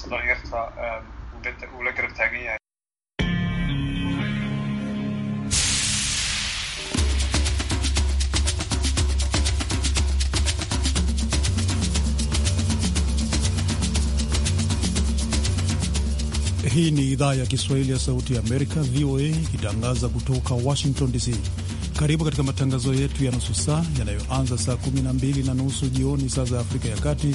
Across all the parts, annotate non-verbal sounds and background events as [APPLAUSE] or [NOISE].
hoe dhalinyarta hoe lekker het hangen yahay Hii ni idhaa ya Kiswahili ya Sauti ya Amerika, VOA, ikitangaza kutoka Washington DC. Karibu katika matangazo yetu ya nusu saa yanayoanza saa 12 na nusu jioni saa za Afrika ya Kati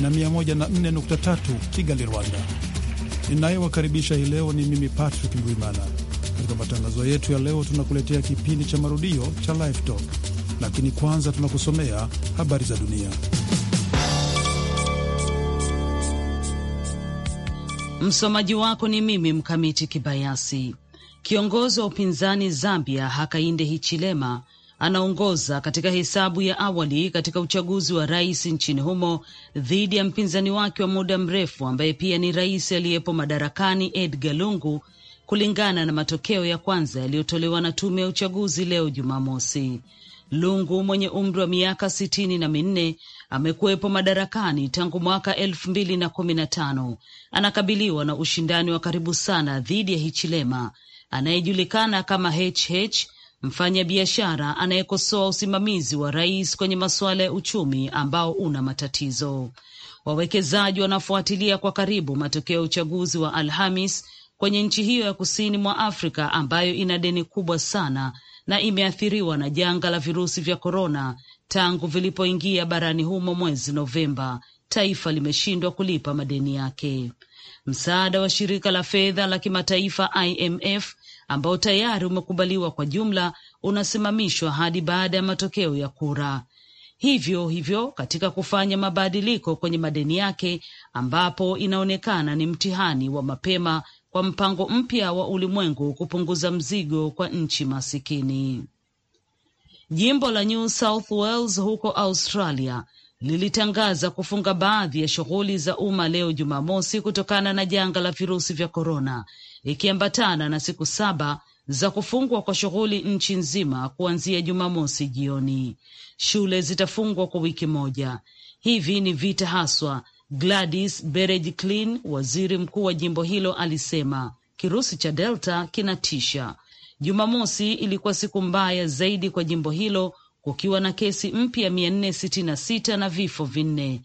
na 104.3 Kigali, Rwanda. Ninayewakaribisha hii leo ni mimi Patrick mbwimana Katika matangazo yetu ya leo, tunakuletea kipindi cha marudio cha Live Talk, lakini kwanza tunakusomea habari za dunia. Msomaji wako ni mimi Mkamiti Kibayasi. Kiongozi wa upinzani Zambia Hakainde Hichilema anaongoza katika hesabu ya awali katika uchaguzi wa rais nchini humo dhidi ya mpinzani wake wa muda mrefu ambaye pia ni rais aliyepo madarakani Edgar Lungu, kulingana na matokeo ya kwanza yaliyotolewa na tume ya uchaguzi leo Jumamosi. Lungu mwenye umri wa miaka sitini na minne amekuwepo madarakani tangu mwaka elfu mbili na kumi na tano. Anakabiliwa na ushindani wa karibu sana dhidi ya Hichilema anayejulikana kama HH mfanyabiashara anayekosoa usimamizi wa rais kwenye masuala ya uchumi ambao una matatizo. Wawekezaji wanafuatilia kwa karibu matokeo ya uchaguzi wa Alhamis kwenye nchi hiyo ya kusini mwa Afrika ambayo ina deni kubwa sana na imeathiriwa na janga la virusi vya korona tangu vilipoingia barani humo mwezi Novemba. Taifa limeshindwa kulipa madeni yake. Msaada wa shirika la fedha la kimataifa IMF ambao tayari umekubaliwa kwa jumla unasimamishwa hadi baada ya matokeo ya kura. Hivyo hivyo katika kufanya mabadiliko kwenye madeni yake, ambapo inaonekana ni mtihani wa mapema kwa mpango mpya wa ulimwengu kupunguza mzigo kwa nchi masikini. Jimbo la New South Wales huko Australia lilitangaza kufunga baadhi ya shughuli za umma leo Jumamosi kutokana na janga la virusi vya korona, ikiambatana na siku saba za kufungwa kwa shughuli nchi nzima kuanzia Jumamosi jioni. Shule zitafungwa kwa wiki moja. Hivi ni vita haswa, Gladys Berejiklian, waziri mkuu wa jimbo hilo, alisema kirusi cha Delta kinatisha. Jumamosi ilikuwa siku mbaya zaidi kwa jimbo hilo kukiwa na kesi mpya 466 na vifo vinne.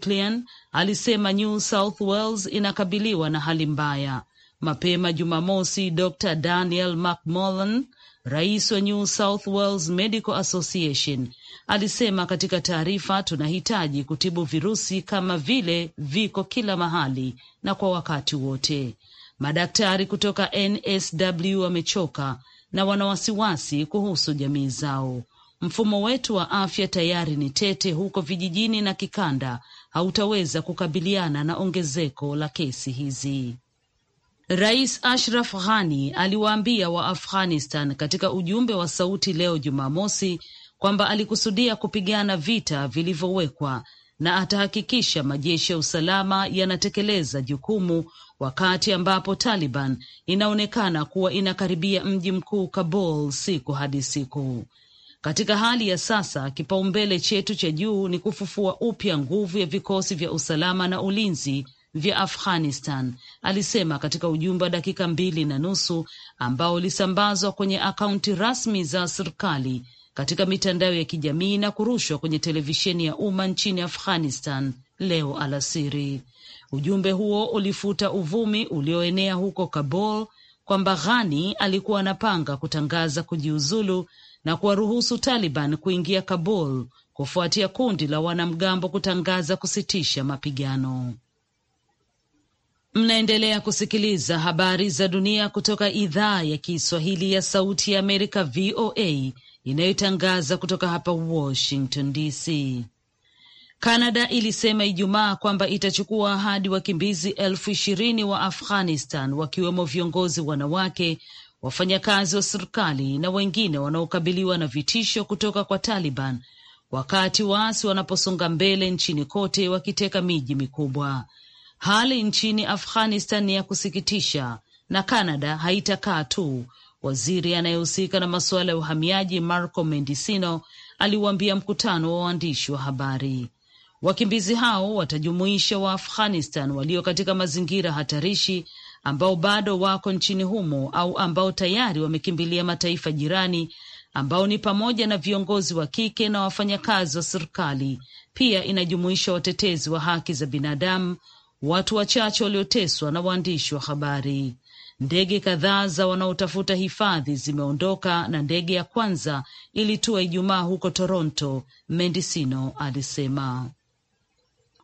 clean alisema New South Wales inakabiliwa na hali mbaya. Mapema Jumamosi, Dr Daniel McMullan, rais wa New South Wales Medical Association, alisema katika taarifa, tunahitaji kutibu virusi kama vile viko kila mahali na kwa wakati wote. Madaktari kutoka NSW wamechoka na wanawasiwasi kuhusu jamii zao. Mfumo wetu wa afya tayari ni tete huko vijijini na kikanda hautaweza kukabiliana na ongezeko la kesi hizi. Rais Ashraf Ghani aliwaambia wa Afghanistan katika ujumbe wa sauti leo Jumamosi kwamba alikusudia kupigana vita vilivyowekwa na atahakikisha majeshi ya usalama yanatekeleza jukumu, wakati ambapo Taliban inaonekana kuwa inakaribia mji mkuu Kabul siku hadi siku. Katika hali ya sasa, kipaumbele chetu cha juu ni kufufua upya nguvu ya vikosi vya usalama na ulinzi vya Afghanistan, alisema katika ujumbe wa dakika mbili na nusu ambao ulisambazwa kwenye akaunti rasmi za serikali katika mitandao ya kijamii na kurushwa kwenye televisheni ya umma nchini Afghanistan leo alasiri. Ujumbe huo ulifuta uvumi ulioenea huko Kabul kwamba Ghani alikuwa anapanga kutangaza kujiuzulu na kuwaruhusu Taliban kuingia Kabul kufuatia kundi la wanamgambo kutangaza kusitisha mapigano. Mnaendelea kusikiliza habari za dunia kutoka idhaa ya Kiswahili ya Sauti ya Amerika, VOA, inayotangaza kutoka hapa Washington DC. Kanada ilisema Ijumaa kwamba itachukua hadi wakimbizi elfu ishirini wa Afghanistan, wakiwemo viongozi wanawake wafanyakazi wa serikali na wengine wanaokabiliwa na vitisho kutoka kwa Taliban wakati waasi wanaposonga mbele nchini kote wakiteka miji mikubwa. Hali nchini Afghanistan ni ya kusikitisha na Kanada haitakaa tu. Waziri anayehusika na masuala ya uhamiaji Marco Mendicino aliwaambia mkutano wa waandishi wa habari, wakimbizi hao watajumuisha Waafghanistan walio katika mazingira hatarishi ambao bado wako nchini humo au ambao tayari wamekimbilia mataifa jirani, ambao ni pamoja na viongozi wa kike na wafanyakazi wa serikali. Pia inajumuisha watetezi wa haki za binadamu, watu wachache walioteswa na waandishi wa habari. Ndege kadhaa za wanaotafuta hifadhi zimeondoka na ndege ya kwanza ilitua Ijumaa huko Toronto, mendisino alisema.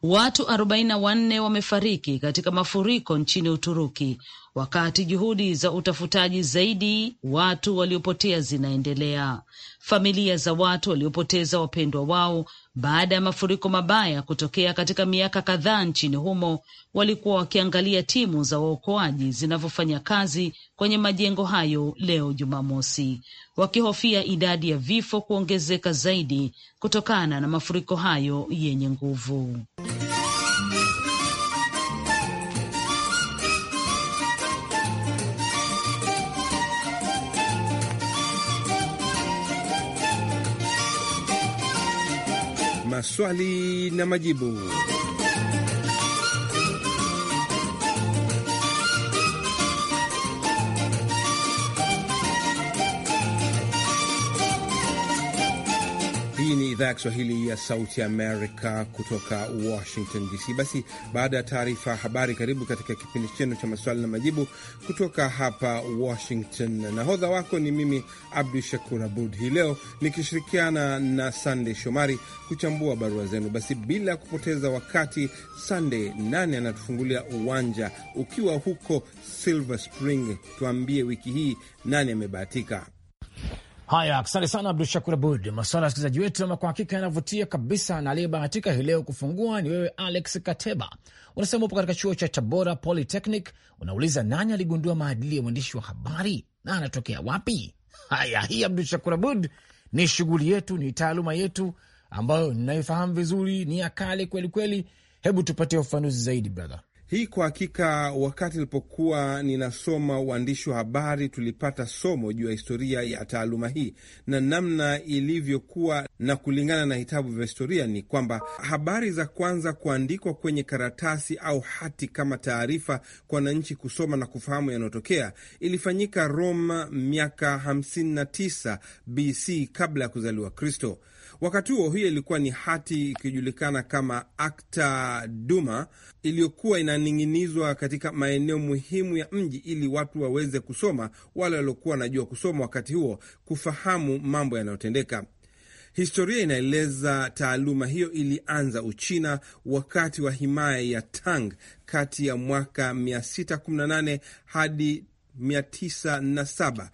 Watu 44 wamefariki katika mafuriko nchini Uturuki Wakati juhudi za utafutaji zaidi watu waliopotea zinaendelea, familia za watu waliopoteza wapendwa wao baada ya mafuriko mabaya kutokea katika miaka kadhaa nchini humo walikuwa wakiangalia timu za waokoaji zinavyofanya kazi kwenye majengo hayo leo Jumamosi, wakihofia idadi ya vifo kuongezeka zaidi kutokana na mafuriko hayo yenye nguvu. maswali na majibu. ya Kiswahili ya Sauti Amerika kutoka Washington DC. Basi baada ya taarifa ya habari, karibu katika kipindi chenu cha maswali na majibu kutoka hapa Washington. Nahodha wako ni mimi Abdu Shakur Abud, hii leo nikishirikiana na Sandey Shomari kuchambua barua zenu. Basi bila kupoteza wakati, Sandey nane anatufungulia uwanja ukiwa huko Silver Spring. Tuambie wiki hii nani amebahatika? Haya, asante sana Abdu Shakur Abud. maswala ya wasikilizaji wetu ama kwa hakika yanavutia kabisa, na aliyebahatika hii leo kufungua ni wewe Alex Kateba. Unasema upo katika chuo cha Tabora Polytechnic, unauliza nani aligundua maadili ya uandishi wa habari na anatokea wapi? Haya, hii Abdu Shakur Abud ni shughuli yetu, ni taaluma yetu ambayo ninayofahamu vizuri, ni ya kale kwelikweli. Hebu tupatie ufafanuzi zaidi brother. Hii kwa hakika, wakati nilipokuwa ninasoma uandishi wa habari, tulipata somo juu ya historia ya taaluma hii na namna ilivyokuwa, na kulingana na vitabu vya historia ni kwamba habari za kwanza kuandikwa kwenye karatasi au hati kama taarifa kwa wananchi kusoma na kufahamu yanayotokea ilifanyika Roma miaka 59 BC kabla ya kuzaliwa Kristo. Wakati huo hiyo ilikuwa ni hati ikijulikana kama Akta Duma iliyokuwa inaning'inizwa katika maeneo muhimu ya mji ili watu waweze kusoma, wale waliokuwa wanajua kusoma wakati huo, kufahamu mambo yanayotendeka. Historia inaeleza taaluma hiyo ilianza Uchina wakati wa himaya ya Tang kati ya mwaka 618 hadi 907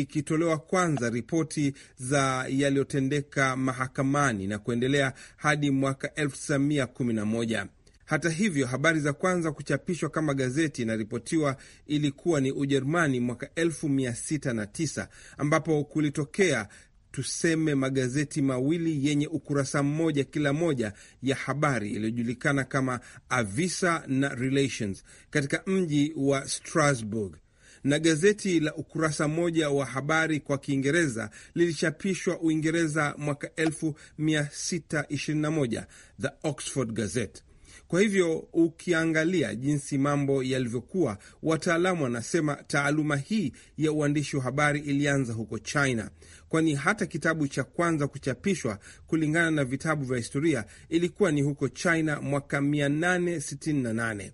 ikitolewa kwanza ripoti za yaliyotendeka mahakamani na kuendelea hadi mwaka 1911. Hata hivyo, habari za kwanza kuchapishwa kama gazeti inaripotiwa ilikuwa ni Ujerumani mwaka 1609 ambapo kulitokea tuseme magazeti mawili yenye ukurasa mmoja kila moja ya habari iliyojulikana kama Avisa na Relations katika mji wa Strasbourg na gazeti la ukurasa mmoja wa habari kwa Kiingereza lilichapishwa Uingereza mwaka 1621 The Oxford Gazette. Kwa hivyo ukiangalia jinsi mambo yalivyokuwa, wataalamu wanasema taaluma hii ya uandishi wa habari ilianza huko China, kwani hata kitabu cha kwanza kuchapishwa kulingana na vitabu vya historia ilikuwa ni huko China mwaka 868.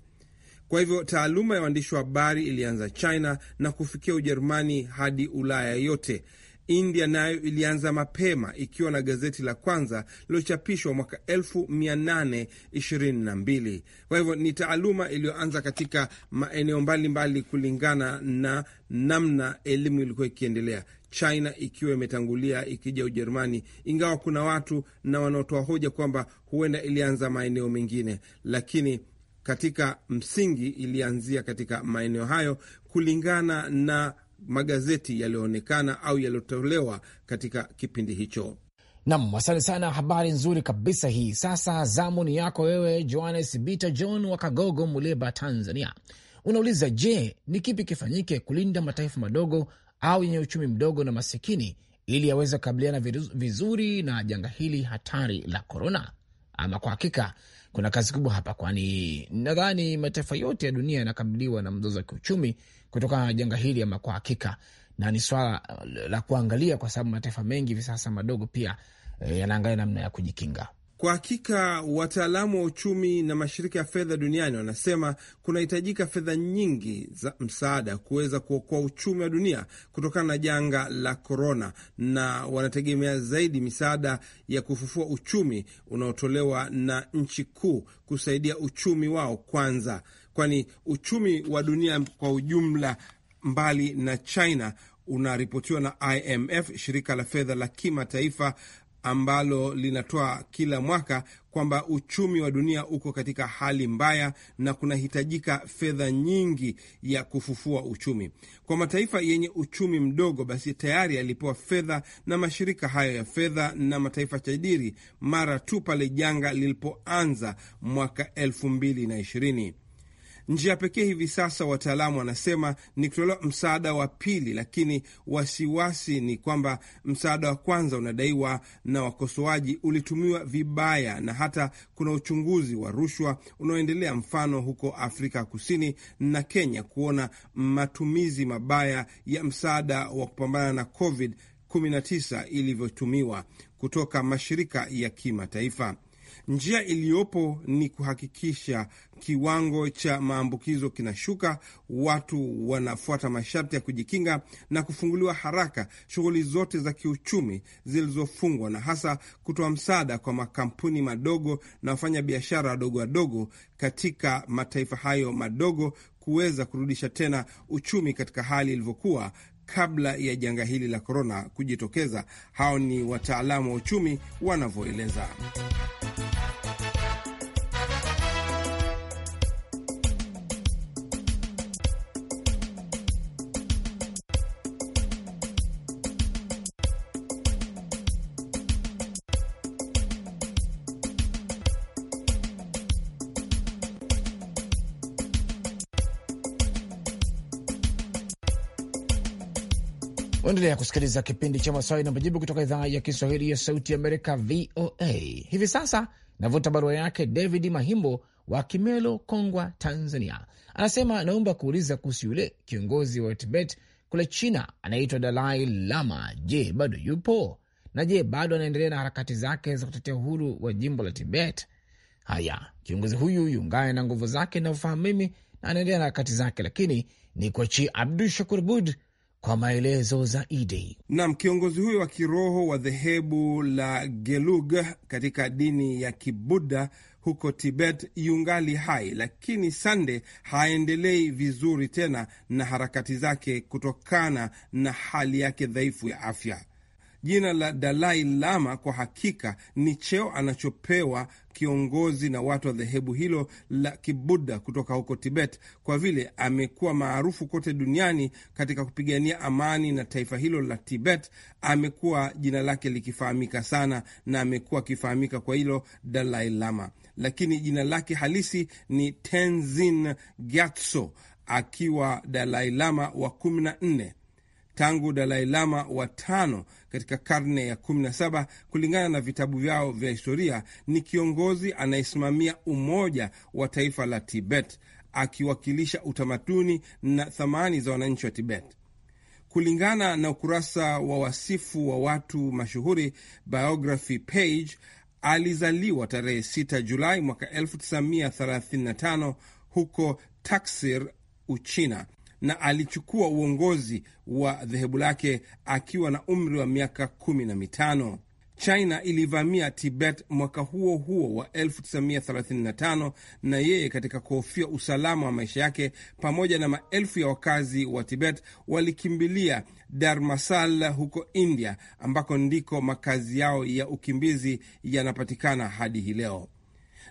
Kwa hivyo taaluma ya waandishi wa habari ilianza China na kufikia Ujerumani hadi Ulaya yote. India nayo ilianza mapema ikiwa na gazeti la kwanza lilochapishwa mwaka 1822. Kwa hivyo ni taaluma iliyoanza katika maeneo mbalimbali kulingana na namna elimu ilikuwa ikiendelea, China ikiwa imetangulia ikija Ujerumani, ingawa kuna watu na wanaotoa hoja kwamba huenda ilianza maeneo mengine, lakini katika msingi ilianzia katika maeneo hayo kulingana na magazeti yaliyoonekana au yaliyotolewa katika kipindi hicho. Nam, asante sana, habari nzuri kabisa hii. Sasa zamu ni yako wewe, Johannes Bita John wa Kagogo, Muleba, Tanzania. Unauliza, je, ni kipi kifanyike kulinda mataifa madogo au yenye uchumi mdogo na masikini ili yaweze kukabiliana vizuri na janga hili hatari la korona? Ama kwa hakika kuna kazi kubwa hapa, kwani nadhani mataifa yote ya dunia yanakabiliwa na mzozo wa kiuchumi kutokana na janga hili. Ama kwa hakika, na ni swala la kuangalia, kwa sababu mataifa mengi hivi sasa madogo pia eh, yanaangalia namna ya kujikinga. Kwa hakika wataalamu wa uchumi na mashirika ya fedha duniani wanasema kunahitajika fedha nyingi za msaada kuweza kuokoa uchumi wa dunia kutokana na janga la korona, na wanategemea zaidi misaada ya kufufua uchumi unaotolewa na nchi kuu kusaidia uchumi wao kwanza, kwani uchumi wa dunia kwa ujumla, mbali na China unaripotiwa na IMF, shirika la fedha la kimataifa ambalo linatoa kila mwaka kwamba uchumi wa dunia uko katika hali mbaya na kunahitajika fedha nyingi ya kufufua uchumi. Kwa mataifa yenye uchumi mdogo, basi tayari yalipewa fedha na mashirika hayo ya fedha na mataifa tajiri mara tu pale janga lilipoanza mwaka elfu mbili na ishirini. Njia pekee hivi sasa, wataalamu wanasema ni kutolewa msaada wa pili, lakini wasiwasi ni kwamba msaada wa kwanza unadaiwa na wakosoaji ulitumiwa vibaya, na hata kuna uchunguzi wa rushwa unaoendelea, mfano huko Afrika Kusini na Kenya, kuona matumizi mabaya ya msaada wa kupambana na COVID 19 ilivyotumiwa kutoka mashirika ya kimataifa. Njia iliyopo ni kuhakikisha kiwango cha maambukizo kinashuka, watu wanafuata masharti ya kujikinga na kufunguliwa haraka shughuli zote za kiuchumi zilizofungwa, na hasa kutoa msaada kwa makampuni madogo na wafanya biashara wadogo wadogo katika mataifa hayo madogo kuweza kurudisha tena uchumi katika hali ilivyokuwa kabla ya janga hili la korona kujitokeza. Hao ni wataalamu wa uchumi wanavyoeleza. Unaendelea kusikiliza kipindi cha maswali na majibu kutoka idhaa ya Kiswahili ya Sauti Amerika, VOA. Hivi sasa navuta barua yake David Mahimbo wa Kimelo, Kongwa, Tanzania. Anasema naomba kuuliza kuhusu yule kiongozi wa Tibet kule China anaitwa Dalai Lama. Je, bado yupo na je, bado anaendelea na harakati zake za kutetea uhuru wa jimbo la Tibet? Haya, kiongozi huyu yungane na nguvu zake, naofahamu mimi, na anaendelea na harakati zake, lakini ni kuachia Abdu Shakur Bud kwa maelezo zaidi. Nam kiongozi huyo wa kiroho wa dhehebu la Gelug katika dini ya kibudda huko Tibet yungali hai, lakini Sande haendelei vizuri tena na harakati zake kutokana na hali yake dhaifu ya afya. Jina la Dalai Lama kwa hakika ni cheo anachopewa kiongozi na watu wa dhehebu hilo la Kibuddha kutoka huko Tibet, kwa vile amekuwa maarufu kote duniani katika kupigania amani na taifa hilo la Tibet. Amekuwa jina lake likifahamika sana na amekuwa akifahamika kwa hilo Dalai Lama, lakini jina lake halisi ni Tenzin Gyatso, akiwa Dalai Lama wa kumi na nne tangu Dalai Lama wa tano katika karne ya 17 kulingana na vitabu vyao vya historia, ni kiongozi anayesimamia umoja wa taifa la Tibet akiwakilisha utamaduni na thamani za wananchi wa Tibet. Kulingana na ukurasa wa wasifu wa watu mashuhuri biography page, alizaliwa tarehe 6 Julai mwaka 1935 huko Taksir, Uchina na alichukua uongozi wa dhehebu lake akiwa na umri wa miaka kumi na mitano. China ilivamia Tibet mwaka huo huo wa 1935 na yeye, katika kuhofia usalama wa maisha yake, pamoja na maelfu ya wakazi wa Tibet walikimbilia darmasal huko India, ambako ndiko makazi yao ya ukimbizi yanapatikana hadi hii leo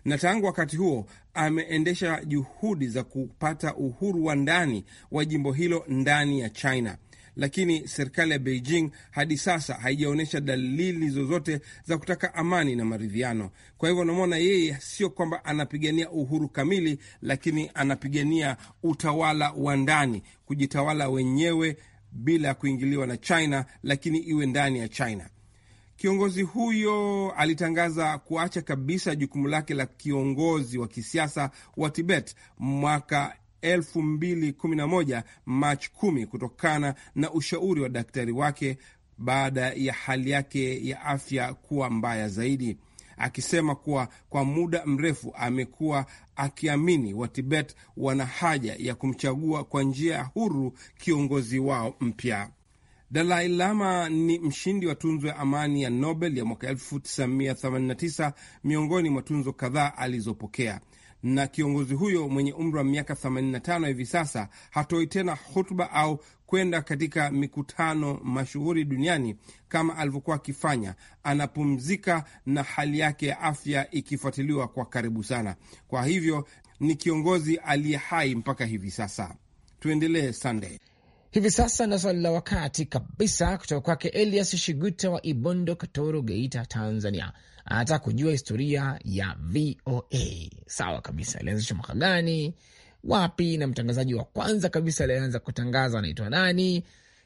na tangu wakati huo ameendesha juhudi za kupata uhuru wa ndani wa jimbo hilo ndani ya China, lakini serikali ya Beijing hadi sasa haijaonyesha dalili zozote za kutaka amani na maridhiano. Kwa hivyo unamwona yeye sio kwamba anapigania uhuru kamili, lakini anapigania utawala wa ndani, kujitawala wenyewe bila kuingiliwa na China, lakini iwe ndani ya China. Kiongozi huyo alitangaza kuacha kabisa jukumu lake la kiongozi wa kisiasa wa Tibet mwaka 2011 Machi 10 kutokana na ushauri wa daktari wake baada ya hali yake ya afya kuwa mbaya zaidi, akisema kuwa kwa muda mrefu amekuwa akiamini Watibet wana haja ya kumchagua kwa njia ya huru kiongozi wao mpya. Dalai Lama ni mshindi wa tunzo ya amani ya Nobel ya mwaka 1989 miongoni mwa tunzo kadhaa alizopokea na kiongozi huyo mwenye umri wa miaka 85 hivi sasa hatoi tena hutuba au kwenda katika mikutano mashuhuri duniani kama alivyokuwa akifanya. Anapumzika na hali yake ya afya ikifuatiliwa kwa karibu sana. Kwa hivyo ni kiongozi aliye hai mpaka hivi sasa. Tuendelee Sunday. Hivi sasa na swali la wakati kabisa kutoka kwake Elias Shiguta wa Ibondo, Katoro, Geita, Tanzania. Anataka kujua historia ya VOA. Sawa kabisa, ilianzishwa mwaka gani, wapi, na mtangazaji wa kwanza kabisa alianza kutangaza anaitwa nani?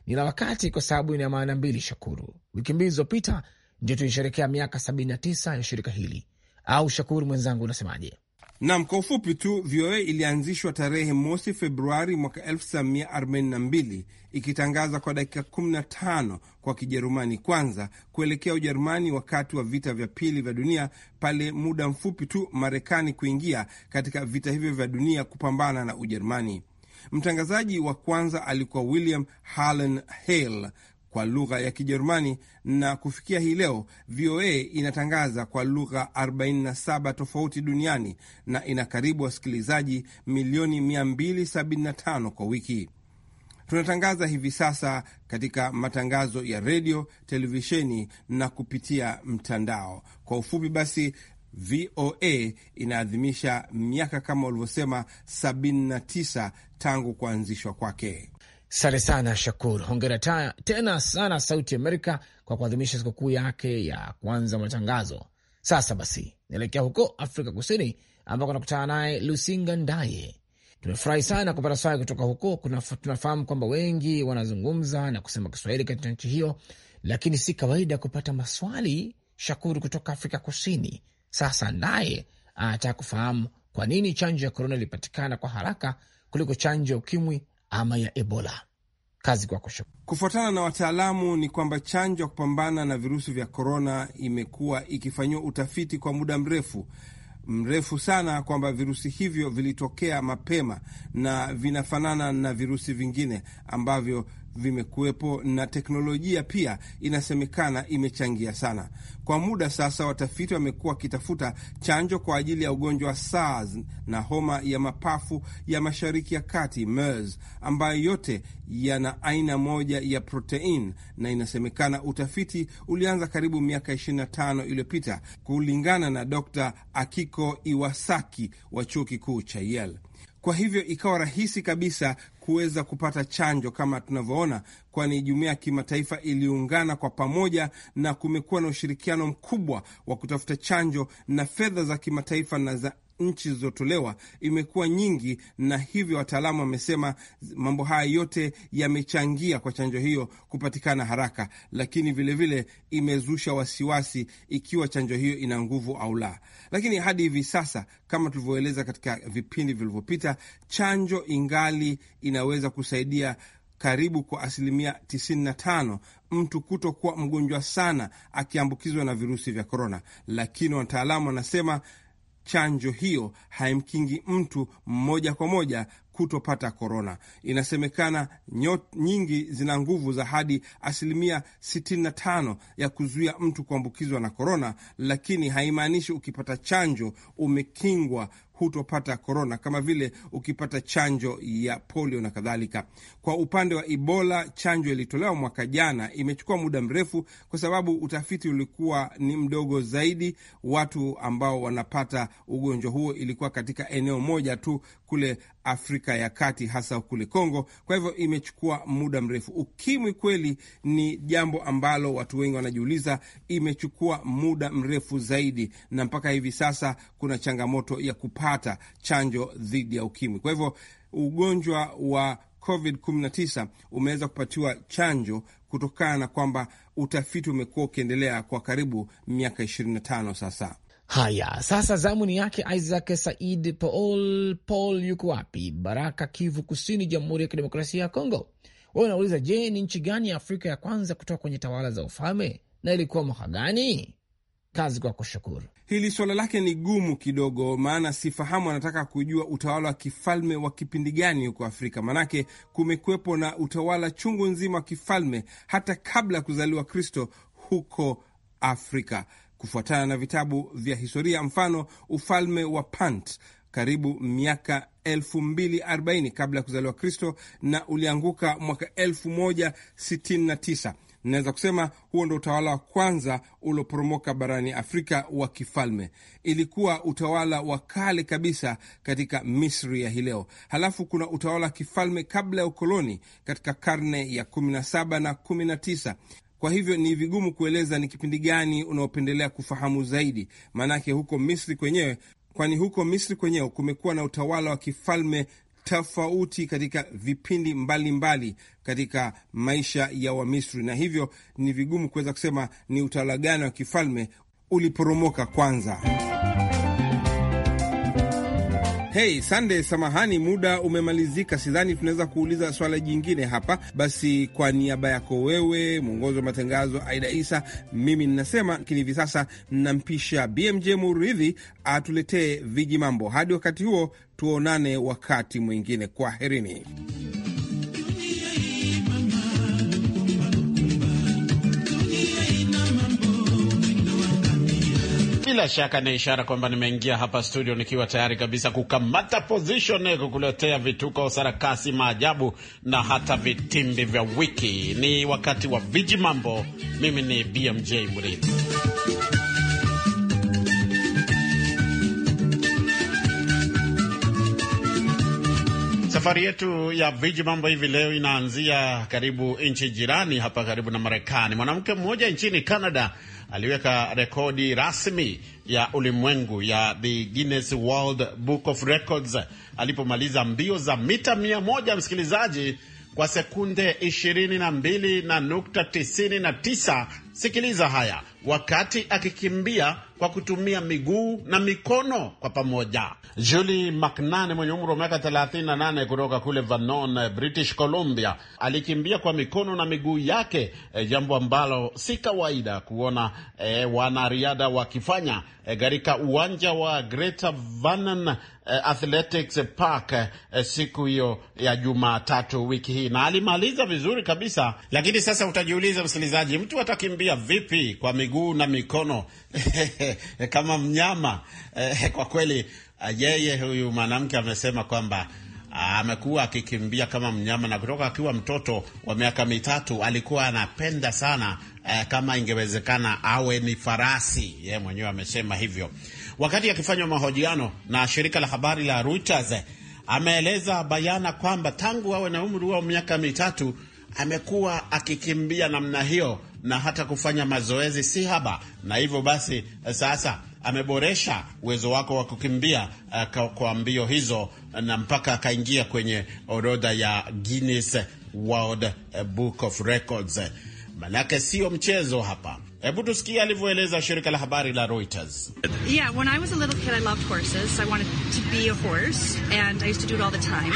Ni la wakati kwa sababu ina maana mbili, Shakuru. Wiki mbili zilizopita ndio tulisherekea miaka tisa ya shirika hili, au Shakuru mwenzangu, unasemaje? Nam, kwa ufupi tu, VOA ilianzishwa tarehe mosi Februari mwaka 1942 ikitangaza kwa dakika 15 kwa Kijerumani kwanza kuelekea Ujerumani wakati wa vita vya pili vya dunia, pale muda mfupi tu Marekani kuingia katika vita hivyo vya dunia kupambana na Ujerumani. Mtangazaji wa kwanza alikuwa William Harlan Hale kwa lugha ya Kijerumani na kufikia hii leo VOA inatangaza kwa lugha 47 tofauti duniani na ina karibu wasikilizaji milioni 275 kwa wiki. Tunatangaza hivi sasa katika matangazo ya redio, televisheni na kupitia mtandao. Kwa ufupi basi, VOA inaadhimisha miaka kama walivyosema 79 tangu kuanzishwa kwake. Sante sana Shakur, hongera tena sana Sauti Amerika kwa kuadhimisha sikukuu yake ya kwanza matangazo. Sasa basi, naelekea huko Afrika Kusini ambako nakutana naye Lusinga Ndaye. Tumefurahi sana kupata swali kutoka huko. tunafahamu kwamba wengi wanazungumza na kusema Kiswahili katika nchi hiyo, lakini si kawaida kupata maswali Shakuru kutoka Afrika Kusini. Sasa Ndaye anataka kufahamu kwa nini chanjo ya korona ilipatikana kwa haraka kuliko chanjo ya ukimwi ama ya Ebola. Kazi kwako. Kufuatana na wataalamu ni kwamba chanjo ya kupambana na virusi vya korona imekuwa ikifanyiwa utafiti kwa muda mrefu mrefu sana, kwamba virusi hivyo vilitokea mapema na vinafanana na virusi vingine ambavyo vimekuwepo na teknolojia pia inasemekana imechangia sana. Kwa muda sasa, watafiti wamekuwa wakitafuta chanjo kwa ajili ya ugonjwa wa SARS na homa ya mapafu ya mashariki ya kati MERS, ambayo yote yana aina moja ya protein, na inasemekana utafiti ulianza karibu miaka 25 iliyopita, kulingana na Dr. Akiko Iwasaki wa chuo kikuu cha Yale. Kwa hivyo ikawa rahisi kabisa kuweza kupata chanjo kama tunavyoona, kwani jumuiya ya kimataifa iliungana kwa pamoja na kumekuwa na ushirikiano mkubwa wa kutafuta chanjo na fedha za kimataifa na za nchi zilizotolewa imekuwa nyingi, na hivyo wataalamu wamesema mambo haya yote yamechangia kwa chanjo hiyo kupatikana haraka, lakini vilevile vile imezusha wasiwasi ikiwa chanjo hiyo ina nguvu au la. Lakini hadi hivi sasa, kama tulivyoeleza katika vipindi vilivyopita, chanjo ingali inaweza kusaidia karibu kwa asilimia 95 mtu kutokuwa mgonjwa sana akiambukizwa na virusi vya korona, lakini wataalamu wanasema chanjo hiyo haimkingi mtu moja kwa moja kutopata korona. Inasemekana nyot nyingi zina nguvu za hadi asilimia 65 ya kuzuia mtu kuambukizwa na korona, lakini haimaanishi ukipata chanjo umekingwa hutopata korona, kama vile ukipata chanjo ya polio na kadhalika. Kwa upande wa Ebola, chanjo ilitolewa mwaka jana, imechukua muda mrefu kwa sababu utafiti ulikuwa ni mdogo zaidi. Watu ambao wanapata ugonjwa huo ilikuwa katika eneo moja tu kule Afrika ya Kati, hasa kule Kongo. Kwa hivyo imechukua muda mrefu. Ukimwi kweli ni jambo ambalo watu wengi wanajiuliza, imechukua muda mrefu zaidi, na mpaka hivi sasa kuna changamoto ya kupata chanjo dhidi ya ukimwi. Kwa hivyo ugonjwa wa COVID-19 umeweza kupatiwa chanjo kutokana na kwamba utafiti umekuwa ukiendelea kwa karibu miaka 25 sasa. Haya, sasa zamu ni yake Isaac Said Paul. Paul yuko wapi? Baraka, Kivu Kusini, Jamhuri ya Kidemokrasia ya Kongo. Wewe unauliza, je, ni nchi gani ya Afrika ya kwanza kutoka kwenye tawala za ufalme na ilikuwa mwaka gani? Kazi kwa kushukuru. Hili suala lake ni gumu kidogo, maana sifahamu anataka kujua utawala wa kifalme wa kipindi gani huko Afrika. Manake kumekuwepo na utawala chungu nzima wa kifalme hata kabla ya kuzaliwa Kristo huko Afrika kufuatana na vitabu vya historia, mfano ufalme wa Punt karibu miaka 240 kabla ya kuzaliwa Kristo na ulianguka mwaka 1069. Naweza kusema huo ndo utawala wa kwanza ulioporomoka barani Afrika wa kifalme. Ilikuwa utawala wa kale kabisa katika Misri ya hileo Halafu kuna utawala wa kifalme kabla ya ukoloni katika karne ya 17 na 19, kwa hivyo ni vigumu kueleza ni kipindi gani unaopendelea kufahamu zaidi, maanake huko Misri kwenyewe, kwani huko Misri kwenyewe kumekuwa na utawala wa kifalme tofauti katika vipindi mbalimbali mbali katika maisha ya Wamisri, na hivyo ni vigumu kuweza kusema ni utawala gani wa kifalme uliporomoka kwanza. Hey, sande samahani, muda umemalizika. Sidhani tunaweza kuuliza swala jingine hapa. Basi, kwa niaba yako wewe, mwongozi wa matangazo Aida Isa, mimi ninasema lakini hivi sasa nampisha BMJ Muridhi atuletee viji mambo. Hadi wakati huo, tuonane wakati mwingine. Kwaherini. bila shaka ni ishara kwamba nimeingia hapa studio nikiwa tayari kabisa kukamata position eh, kukuletea vituko, sarakasi, maajabu na hata vitimbi vya wiki. Ni wakati wa viji mambo. Mimi ni BMJ Mridhi. Safari yetu ya viji mambo hivi leo inaanzia karibu nchi jirani hapa karibu na Marekani. Mwanamke mmoja nchini Canada aliweka rekodi rasmi ya ulimwengu ya the Guinness World Book of Records alipomaliza mbio za mita mia moja, msikilizaji, kwa sekunde ishirini na mbili na nukta tisini na tisa Sikiliza haya wakati akikimbia kwa kutumia miguu na mikono kwa pamoja. Julie McNan mwenye umri wa miaka 38 kutoka kule Vernon, British Columbia, alikimbia kwa mikono na miguu yake, e, jambo ambalo si kawaida kuona e, wanariadha wakifanya e, katika uwanja wa Greater Vernon Eh, Athletics Park eh, siku hiyo ya Jumatatu wiki hii, na alimaliza vizuri kabisa. Lakini sasa utajiuliza, msikilizaji, mtu atakimbia vipi kwa miguu na mikono [LAUGHS] kama mnyama? Eh, kwa kweli, yeye huyu mwanamke amesema kwamba ah, amekuwa akikimbia kama mnyama na kutoka akiwa mtoto wa miaka mitatu alikuwa anapenda sana eh, kama ingewezekana awe ni farasi. Yeye mwenyewe amesema hivyo. Wakati akifanywa mahojiano na shirika la habari la Reuters, ameeleza bayana kwamba tangu awe na umri wa miaka mitatu amekuwa akikimbia namna hiyo na hata kufanya mazoezi si haba, na hivyo basi sasa ameboresha uwezo wako wa kukimbia uh, kwa mbio hizo na mpaka akaingia kwenye orodha ya Guinness World eh, Book of Records. Manake sio mchezo hapa. Hebu tusikie alivyoeleza shirika la habari la Reuters. Yeah, when I was a little kid I loved horses. I wanted to be a horse and I used to do it all the time.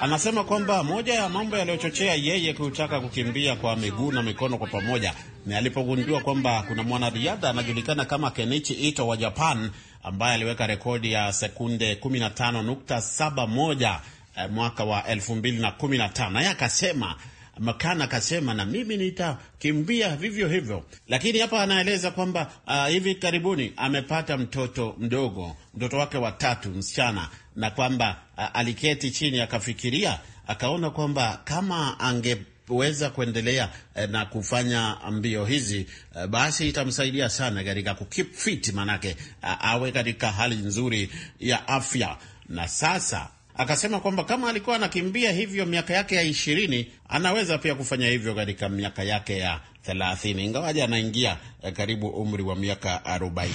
Anasema kwamba moja ya mambo yaliyochochea yeye kutaka kukimbia kwa miguu na mikono kwa pamoja ni alipogundua kwamba kuna mwanariadha anajulikana kama Kenichi Ito wa Japan ambaye aliweka rekodi ya sekunde 15.71 eh, mwaka wa 2015 naye akasema Makana akasema na mimi nitakimbia vivyo hivyo, lakini hapa anaeleza kwamba uh, hivi karibuni amepata mtoto mdogo, mtoto wake wa tatu, msichana, na kwamba uh, aliketi chini akafikiria, akaona kwamba kama ange weza kuendelea eh, na kufanya mbio hizi eh, basi itamsaidia sana katika kukipfiti fit, manake ah, awe katika hali nzuri ya afya. Na sasa Akasema kwamba kama alikuwa anakimbia hivyo miaka yake ya ishirini, anaweza pia kufanya hivyo katika miaka yake ya thelathini, ingawaje anaingia eh, karibu umri wa miaka arobaini.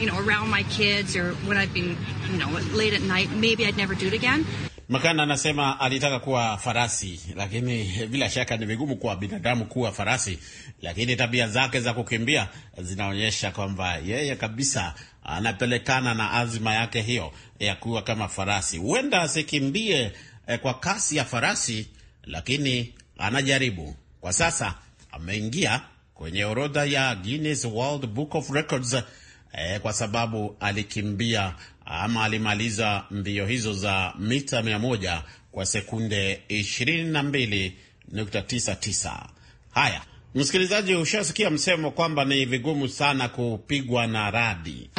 You know, around my kids or when I've been, you know, late at night, maybe I'd never do it again. Makana anasema alitaka kuwa farasi, lakini bila shaka ni vigumu kwa binadamu kuwa farasi, lakini tabia zake za kukimbia zinaonyesha kwamba yeye kabisa anapelekana na azima yake hiyo ya kuwa kama farasi. Huenda asikimbie eh, kwa kasi ya farasi, lakini anajaribu. Kwa sasa ameingia kwenye orodha ya Guinness World Book of Records eh, kwa sababu alikimbia ama alimaliza mbio hizo za mita 100 kwa sekunde 22.99. Haya, msikilizaji, ushasikia msemo kwamba ni vigumu sana kupigwa na radi.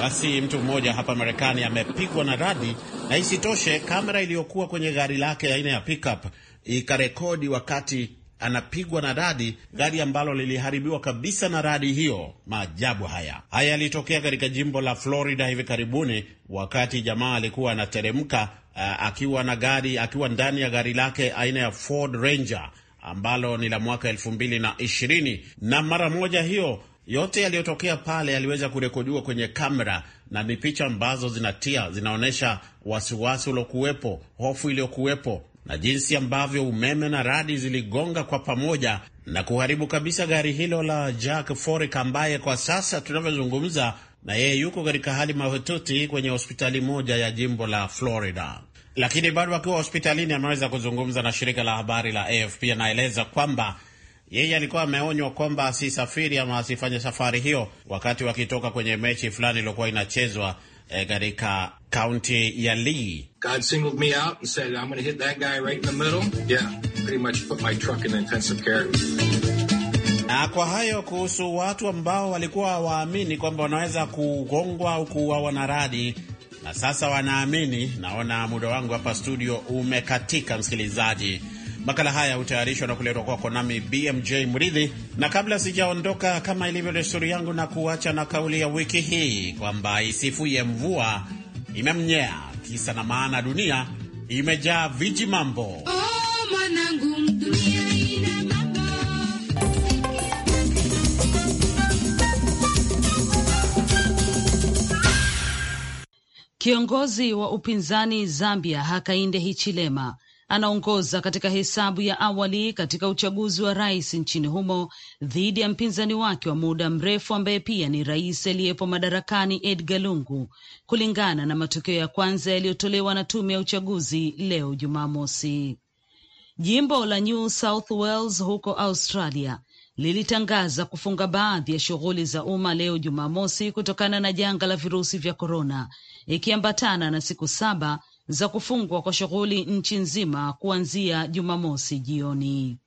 Basi mtu mmoja hapa Marekani amepigwa na radi, na isitoshe kamera iliyokuwa kwenye gari lake aina ya pickup ikarekodi wakati anapigwa na radi, gari ambalo liliharibiwa kabisa na radi hiyo. Maajabu haya haya yalitokea katika jimbo la Florida hivi karibuni, wakati jamaa alikuwa anateremka uh, akiwa na gari, akiwa ndani ya gari lake aina ya Ford Ranger ambalo ni la mwaka elfu mbili na ishirini na mara moja hiyo yote yaliyotokea pale yaliweza kurekodiwa kwenye kamera na ni picha ambazo zinatia zinaonyesha wasiwasi uliokuwepo, hofu iliyokuwepo, na jinsi ambavyo umeme na radi ziligonga kwa pamoja na kuharibu kabisa gari hilo la Jack Forek ambaye kwa sasa tunavyozungumza na yeye yuko katika hali mahututi kwenye hospitali moja ya jimbo la Florida. Lakini bado akiwa hospitalini ameweza kuzungumza na shirika la habari la AFP. Anaeleza kwamba yeye alikuwa ameonywa kwamba asisafiri ama asifanye safari hiyo wakati wakitoka kwenye mechi fulani iliyokuwa inachezwa E, katika kaunti ya Lee. Na kwa hayo kuhusu watu ambao walikuwa waamini kwamba wanaweza kugongwa au kuuawa na radi na sasa wanaamini. Naona muda wangu hapa studio umekatika, msikilizaji. Makala haya hutayarishwa na kuletwa kwako nami BMJ Mridhi, na kabla sijaondoka, kama ilivyo desturi yangu, na kuacha na kauli ya wiki hii kwamba isifuye mvua imemnyea, kisa na maana dunia imejaa viji mambo. Oh, mambo. Kiongozi wa upinzani Zambia Hakainde Hichilema anaongoza katika hesabu ya awali katika uchaguzi wa rais nchini humo dhidi ya mpinzani wake wa muda mrefu ambaye pia ni rais aliyepo madarakani Edgar Lungu, kulingana na matokeo ya kwanza yaliyotolewa na tume ya uchaguzi leo Jumamosi. Jimbo la New South Wales huko Australia lilitangaza kufunga baadhi ya shughuli za umma leo Jumamosi kutokana na janga la virusi vya korona, ikiambatana na siku saba za kufungwa kwa shughuli nchi nzima kuanzia Jumamosi jioni.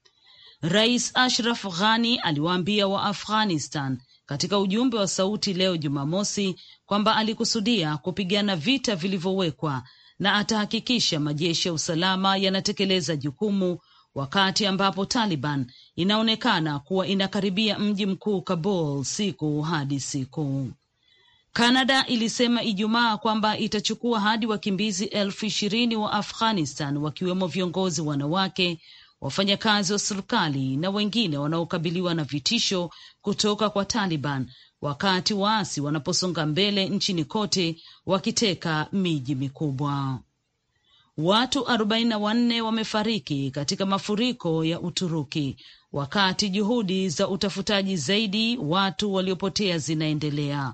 Rais Ashraf Ghani aliwaambia wa Afghanistan katika ujumbe wa sauti leo Jumamosi kwamba alikusudia kupigana vita vilivyowekwa na atahakikisha majeshi ya usalama yanatekeleza jukumu, wakati ambapo Taliban inaonekana kuwa inakaribia mji mkuu Kabul siku hadi siku. Kanada ilisema Ijumaa kwamba itachukua hadi wakimbizi elfu ishirini wa Afghanistan, wakiwemo viongozi wanawake, wafanyakazi wa serikali na wengine wanaokabiliwa na vitisho kutoka kwa Taliban wakati waasi wanaposonga mbele nchini kote wakiteka miji mikubwa. Watu 44 wamefariki katika mafuriko ya Uturuki wakati juhudi za utafutaji zaidi watu waliopotea zinaendelea.